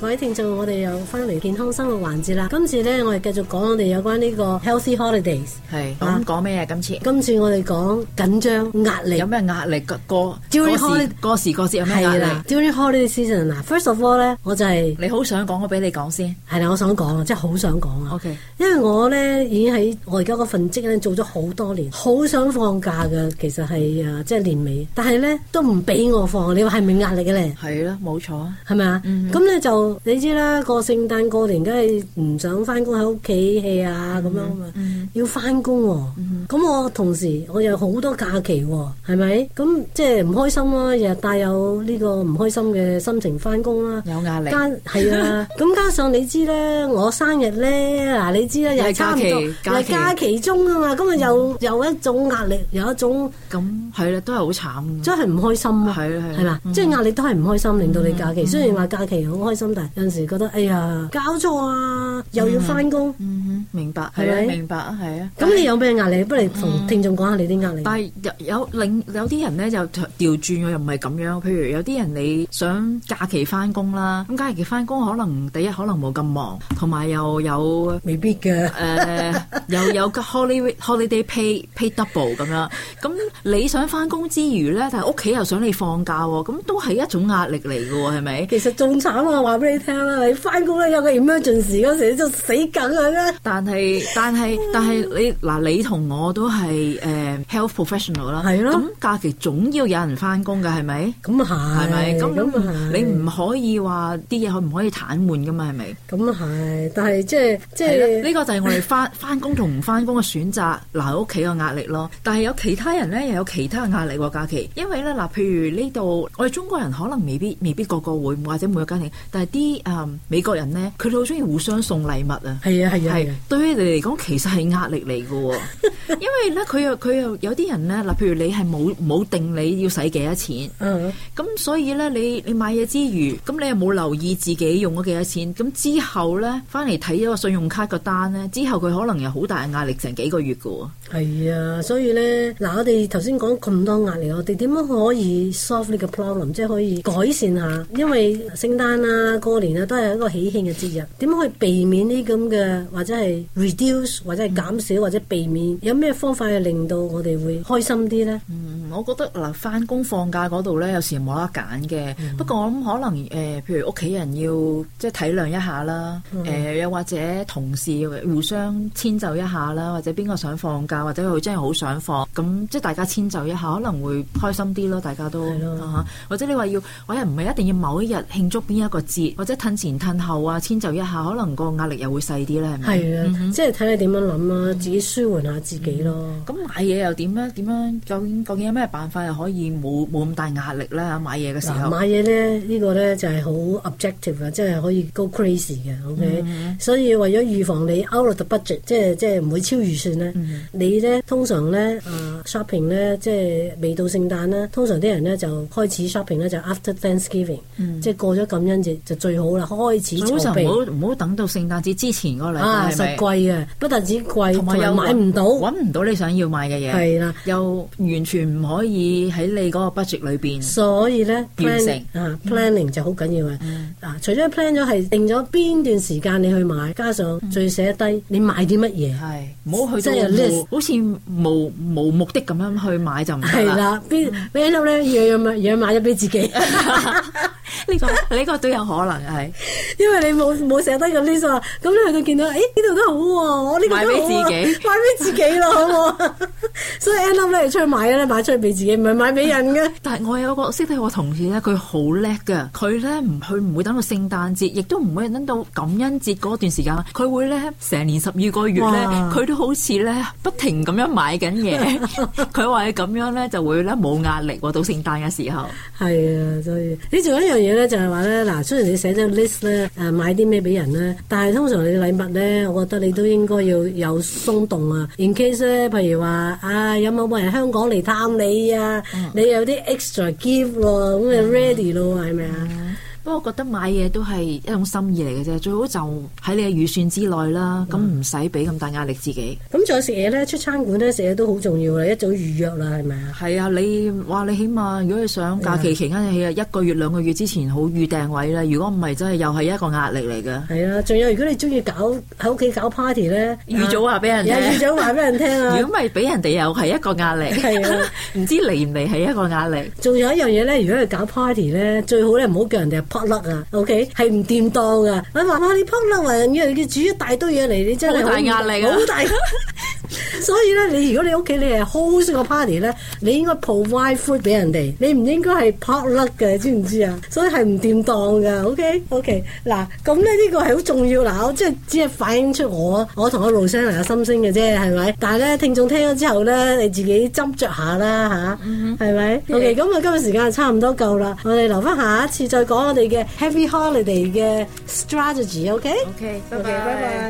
各位聽眾，我哋又翻嚟健康生活環節啦。今次咧，我哋繼續講我哋有關呢個 healthy holidays。係，講講咩啊？今次，今次我哋講緊張壓力，有咩壓力過 During 過時，holid- 過時，過時，過時有咩壓力？係啦，during holiday season 嗱，啊，first of all 咧，我就係，你好想講，我俾你講先係啦。我想講啊，真係好想講啊。OK，因為我咧已經喺我而家嗰份職做咗好多年，好想放假嘅，其實係啊，即係年尾，但係咧都唔俾我放。你話係咪壓力嘅咧？係咯，冇錯，係咪啊？咁咧吧、mm hmm. 就。你知啦，個聖誕過年梗係唔想翻工喺屋企 hea 啊咁樣嘛，要翻工喎。咁我同時我有好多假期喎，係咪？咁即係唔開心咯，日日帶有呢個唔開心嘅心情翻工啦，有壓力。係啊，咁加上你知啦，我生日咧，嗱你知啦，又係假期，係假期中啊嘛，咁啊又有一種壓力，有一種咁係啦，都係好慘，真係唔開心。係啊係啊，係咪？即係壓力都係唔開心，令到你假期。雖然話假期好開心。有陣時覺得哎呀，搞錯啊，又要翻工、嗯嗯，明白係啊，嗯、明白啊，係啊。咁你有咩壓力？嗯、不如同聽眾講下你啲壓力。嗯、但係有，有另有啲人咧就調轉又唔係咁樣，譬如有啲人你想假期翻工啦，咁假期翻工可能第一可能冇咁忙，同埋又有未必嘅，誒、呃、 又有 holiday holiday pay pay double 咁樣。咁你想翻工之餘咧，但係屋企又想你放假，咁都係一種壓力嚟㗎，係咪？其實仲慘啊，話俾你你聽啦，你翻工咧有個要咩準時嗰時，你就死梗啊！但係 但係但係你嗱，你同我都係誒、uh, health professional 啦，係咯。咁假期總要有人翻工噶，係咪？咁啊係，係咪？咁啊係，你唔可以話啲嘢可唔可以癱瘓噶嘛？係咪？咁啊係，但係即係即係呢個就係我哋翻翻工同唔翻工嘅選擇，嗱，屋企個壓力咯。但係有其他人咧，又有其他嘅壓力喎、啊。假期，因為咧嗱，譬如呢度我哋中國人可能未必未必，未必個個會或者每個家庭，但係啲，嗯、美國人咧，佢哋都好中意互相送禮物啊，係啊係啊，係啊，對於你哋嚟講，其實係壓力嚟噶， 因為咧，佢又佢又有啲人咧，嗱，譬如你係冇冇定你，嗯，你要使幾多錢，嗯，咁所以咧，你你買嘢之餘，咁你又冇留意自己用咗幾多錢，咁之後咧，翻嚟睇咗個信用卡個單咧，之後佢可能有好大嘅壓力，成幾個月噶。係啊，所以咧，嗱，我哋頭先講咁多壓力，我哋點樣可以 solve 呢個 problem，即係可以改善下？因為聖誕啊、過年啊，都係一個喜慶嘅節日，點樣去避免呢咁嘅，或者係 reduce，或者係減少，或者避免，有咩方法去令到我哋會開心啲咧？我覺得嗱，翻工放假嗰度咧，有時冇得揀嘅。嗯、不過我諗可能誒、呃，譬如屋企人要即係體諒一下啦，誒又、嗯呃、或者同事互相遷就一下啦，或者邊個想放假，或者佢真係好想放，咁即係大家遷就一下，可能會開心啲咯。大家都的、嗯、或者你話要，我哋唔係一定要某一日慶祝邊一個節，或者褪前褪後啊，遷就一下，可能個壓力又會細啲咧，係咪？係的、嗯、哼啊，即係睇你點樣諗啊，自己舒緩下自己咯。咁、嗯、買嘢又點咧？點樣？究竟究竟有咩？咩辦法又可以冇冇咁大壓力咧嚇，買嘢嘅時候？買嘢咧呢，呢個咧就係好 objective 啊，即係可以 go crazy 嘅。O.K.、Mm hmm. 所以為咗預防你 out of the budget，即係即係唔會超預算咧，mm hmm. 你咧通常咧啊、uh, shopping 咧，即係未到聖誕啦，通常啲人咧就開始 shopping 咧，就 after Thanksgiving、mm hmm. 即係過咗感恩節就最好啦，開始準備。唔好唔好等到聖誕節之前嗰個禮啊，實貴嘅，不但止貴，同埋又買唔到，揾唔到你想要買嘅嘢。係啦的，又完全唔。可以喺你嗰個 budget 裏邊，所以咧 planning 劃啊，planning 就好緊要嘅，嗯啊。除咗 plan 咗，係定咗邊段時間你去買，加上最要寫低你買啲乜嘢，係唔好去到無好似冇目的咁樣去買就唔係啦。邊邊咧俾自己。 呢、這個呢、這個都有可能係， 因為你冇冇成得咁 list 咁你去到見到，誒呢度都好喎、啊，我呢個、啊、買俾自己， 買俾自己咯，所以 end up 咧出去買咧，買出去俾自己，唔係買俾人嘅。 但係我有個識得我同事咧，佢好叻噶，佢咧唔佢唔會等到聖誕節，亦都唔會等到感恩節嗰段時間，佢會咧成年十二個月咧，佢哇都好似咧不停咁 樣買緊嘢。佢話你咁樣咧就會咧冇壓力到聖誕嘅時候。係 啊，所以你做一嘢咧就係話咧，嗱，雖然你寫咗個 list 咧、啊，誒買啲咩俾人咧，但係通常你禮物咧，我覺得你都應該要有鬆動啊，in case 咧，譬如話啊，有冇人香港嚟探你啊？你有啲 extra gift 喎，咁你 ready 咯，係咪、嗯、啊？我覺得買嘢都係一種心意嚟嘅啫，最好就喺你嘅預算之內啦。咁唔使俾咁大壓力自己。咁、嗯、仲有食嘢咧，出餐館咧食嘢都好重要啦，一早預約啦，係咪啊？係啊，你話，你起碼如果你想假期期間，起啊一個月兩個月之前好預訂位啦。如果唔係，真係又係一個壓力嚟㗎。係啊，仲有如果你中意搞喺屋企搞 party 咧，啊、預早話俾人聽，預早話俾人聽啊！如果唔係，俾人哋又係一個壓力。係啊，唔知嚟唔嚟係一個壓力。仲、啊、有一樣嘢咧，如果係搞 party 咧，最好咧唔好叫人哋。粒啊，OK，係唔掂當噶，阿話媽你撲嬲嘢，你煮一大堆嘢嚟，你真係好大壓力噶、啊。 所以咧，你如果你屋企你係 host 個 party 咧，你應該 provide food 俾人哋，你唔應該係 potluck 嘅，知唔知啊？所以係唔掂當噶，OK，OK。嗱、okay? okay.，咁咧呢個係好重要喇。嗱，我即係只係反映出我我同我盧生同阿心聲嘅啫，係咪？但係咧聽眾聽咗之後咧，你自己斟酌一下啦，吓，係咪？OK，咁啊今日時間就差唔多夠啦，我哋留翻下一次再講我哋嘅 Happy Holiday 嘅 strategy，OK，OK，OK 拜拜。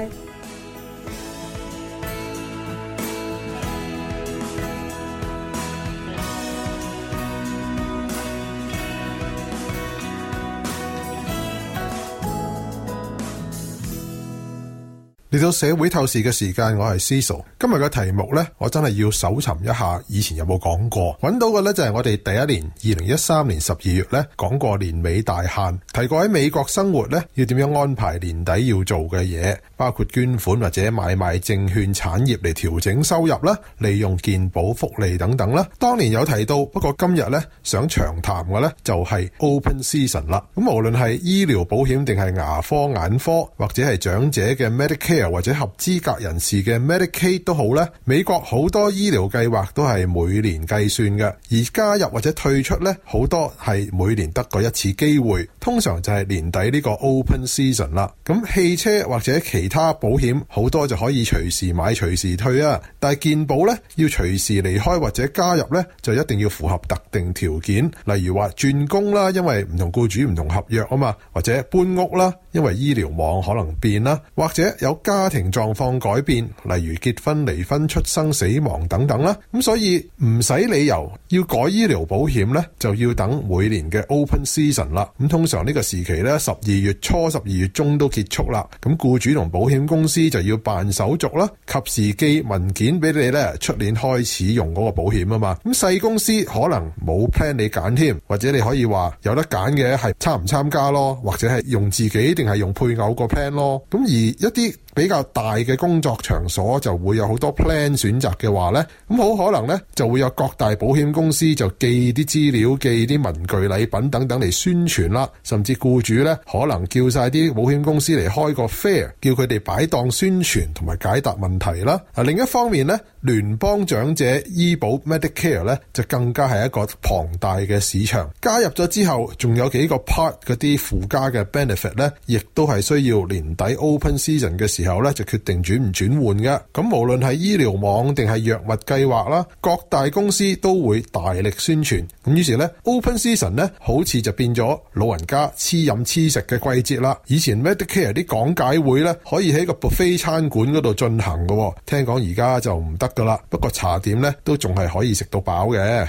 嚟到社會透視嘅時間，我係 Ciso。今日嘅題目呢，我真係要搜尋一下以前有冇講過。揾到嘅呢，就係我哋第一年二零一三年十二月呢講過年尾大限，提過喺美國生活呢，要點樣安排年底要做嘅嘢，包括捐款或者買賣證券產業嚟調整收入啦，利用健保福利等等啦。當年有提到，不過今日呢，想長談嘅呢，就係 Open Season 啦。咁無論係醫療保險定係牙科眼科，或者係長者嘅 Medicare。或者合資格人士嘅 Medicaid 都好咧，美國好多醫療計劃都係每年計算嘅，而加入或者退出咧，好多係每年得過一次機會，通常就係年底呢個 Open Season 啦。咁汽車或者其他保險好多就可以隨時買隨時退啊，但係健保咧要隨時離開或者加入咧，就一定要符合特定條件，例如話轉工啦，因為唔同僱主唔同合約啊嘛，或者搬屋啦。因為醫療網可能變啦，或者有家庭狀況改變，例如結婚、離婚、出生、死亡等等啦，咁、嗯、所以唔使理由要改醫療保險呢，就要等每年嘅 open season 啦。咁、嗯、通常呢個時期呢，十二月初、十二月中都結束啦。咁、嗯、僱主同保險公司就要辦手續啦，及時寄文件俾你呢。出年開始用嗰個保險啊嘛。咁、嗯、細公司可能冇 plan 你揀添，或者你可以話有得揀嘅係參唔參加咯，或者係用自己。淨係用配偶個 plan 咯，咁而一啲。比較大嘅工作場所就會有好多 plan 選擇嘅話呢，咁好可能呢就會有各大保險公司就寄啲資料、寄啲文具禮品等等嚟宣傳啦，甚至僱主呢可能叫晒啲保險公司嚟開個 fair，叫佢哋擺檔宣傳同埋解答問題啦。啊，另一方面呢，聯邦長者醫保 Medicare 呢就更加係一個龐大嘅市場。加入咗之後，仲有幾個 part 嗰啲附加嘅 benefit 呢，亦都係需要年底 open season 嘅時時候咧就決定轉唔轉換嘅，咁無論係醫療網定係藥物計劃啦，各大公司都會大力宣傳。咁於是咧，Open Season 咧好似就變咗老人家黐飲黐食嘅季節啦。以前 Medicare 啲講解會咧可以喺個 buffet 餐館嗰度進行嘅喎。聽講而家就唔得噶啦。不過茶點咧都仲係可以食到飽嘅。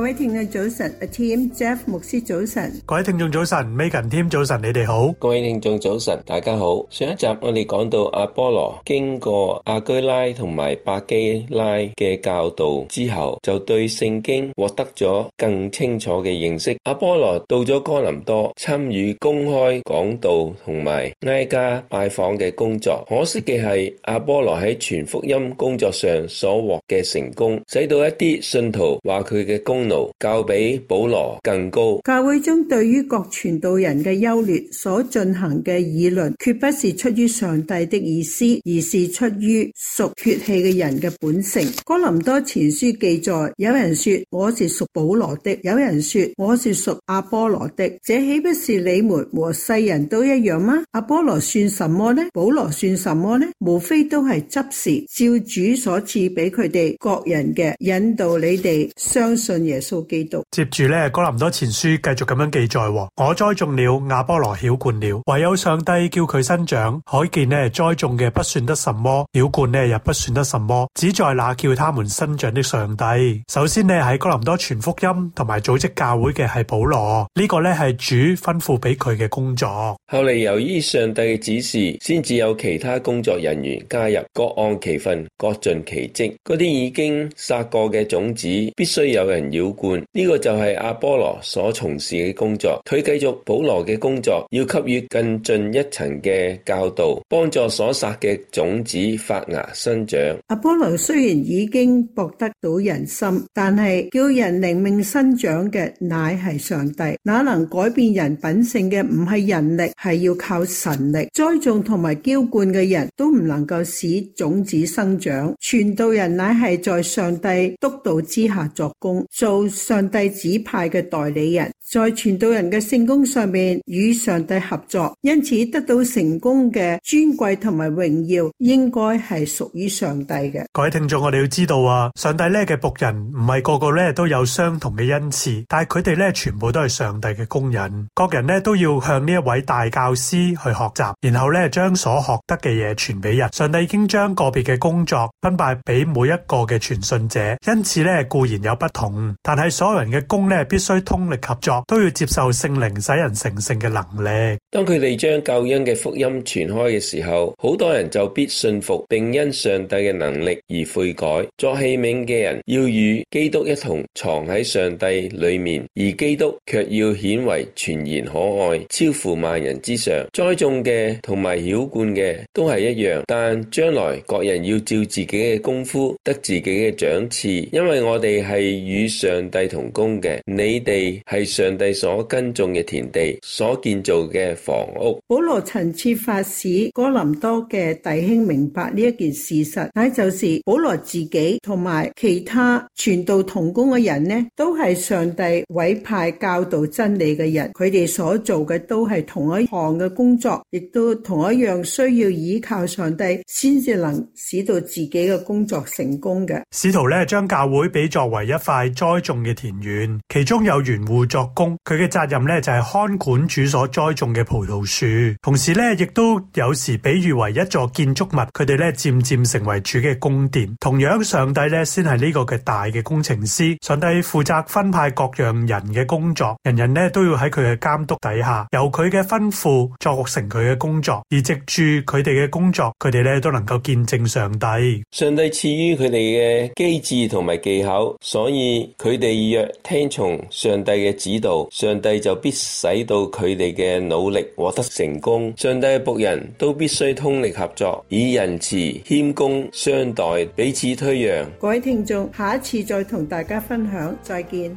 各位聽眾早晨，Tim Jeff 牧師早晨，各位聽眾早晨，Megan Tim 早晨，你哋好，各位聽眾早晨，大家好。上一集我哋講到阿波羅經過阿居拉同埋巴基拉嘅教導之後，就對聖經獲得咗更清楚嘅認識。阿波羅到咗哥林多，參與公開講道同埋挨家拜訪嘅工作。可惜嘅係阿波羅喺傳福音工作上所獲嘅成功，使到一啲信徒話佢嘅功能。教比保羅更高。教會中對於各傳道人嘅優劣所進行嘅議論，決不是出於上帝的意思，而是出於屬血氣嘅人嘅本性。哥林多前書記載：有人說我是屬保羅的，有人說我是屬阿波羅的，這豈不是你們和世人都一樣嗎？阿波羅算什麼呢？保羅算什麼呢？無非都係執事，照主所賜俾佢哋各人嘅引導，你哋相信。耶穌基督接住咧，哥林多前書繼續咁樣記載：我栽種了，亞波羅澆灌了，唯有上帝叫佢生長。可見呢，栽種嘅不算得什麼，澆灌呢也不算得什麼，只在那叫他們生長的上帝。首先呢，喺哥林多傳福音同埋組織教會嘅係保羅，呢個呢係主吩咐俾佢嘅工作。後嚟由於上帝嘅指示，先至有其他工作人員加入，各安其分，各盡其職。嗰啲已經撒過嘅種子，必須有人要。澆灌呢個就係阿波羅所從事嘅工作，佢繼續保羅嘅工作，要給予更進一層嘅教導，幫助所撒嘅種子發芽生長。阿波羅雖然已經博得到人心，但係叫人靈命生長嘅乃係上帝，哪能改變人品性嘅唔係人力，係要靠神力。栽種同埋澆灌嘅人都唔能夠使種子生長，傳道人乃係在上帝督導之下作工。到上帝指派嘅代理人，在傳道人嘅聖工上面與上帝合作，因此得到成功嘅尊貴同埋榮耀，應該係屬於上帝嘅。各位聽眾，我哋要知道啊，上帝咧嘅僕人唔係個個咧都有相同嘅恩賜，但係佢哋咧全部都係上帝嘅工人。各人咧都要向呢一位大教師去學習，然後咧將所學得嘅嘢傳俾人。上帝已經將個別嘅工作分派俾每一個嘅傳信者，因此咧固然有不同。但係所有人嘅功咧，必須通力合作，都要接受聖靈使人成聖嘅能力。當佢哋將救恩嘅福音傳開嘅時候，好多人就必信服，並因上帝嘅能力而悔改。作器皿嘅人要與基督一同藏喺上帝裏面，而基督卻要顯為全然可愛，超乎萬人之上。栽種嘅同埋澆灌嘅都係一樣，但將來各人要照自己嘅功夫得自己嘅獎賜，因為我哋係與上。上帝同工嘅，你哋係上帝所耕種嘅田地，所建造嘅房屋。保羅曾設法使哥林多嘅弟兄明白呢一件事實，唉，就是保羅自己同埋其他傳道同工嘅人呢，都係上帝委派教導真理嘅人，佢哋所做嘅都係同一項嘅工作，亦都同一樣需要依靠上帝，先至能使到自己嘅工作成功嘅。使徒咧，將教會比作為一塊災。種嘅田園，其中有園戶作工，佢嘅責任咧就係看管主所栽種嘅葡萄樹，同時咧亦都有時比喻為一座建築物，佢哋咧漸漸成為主嘅宮殿。同樣，上帝咧先係呢個嘅大嘅工程師，上帝負責分派各樣人嘅工作，人人咧都要喺佢嘅監督底下，由佢嘅吩咐作成佢嘅工作，而藉住佢哋嘅工作，佢哋咧都能夠見證上帝。上帝賜予佢哋嘅機智同埋技巧，所以佢佢哋若聽從上帝嘅指導，上帝就必使到佢哋嘅努力獲得成功。上帝嘅僕人都必須通力合作，以仁慈謙恭相待，彼此推讓。各位聽眾，下一次再同大家分享，再見。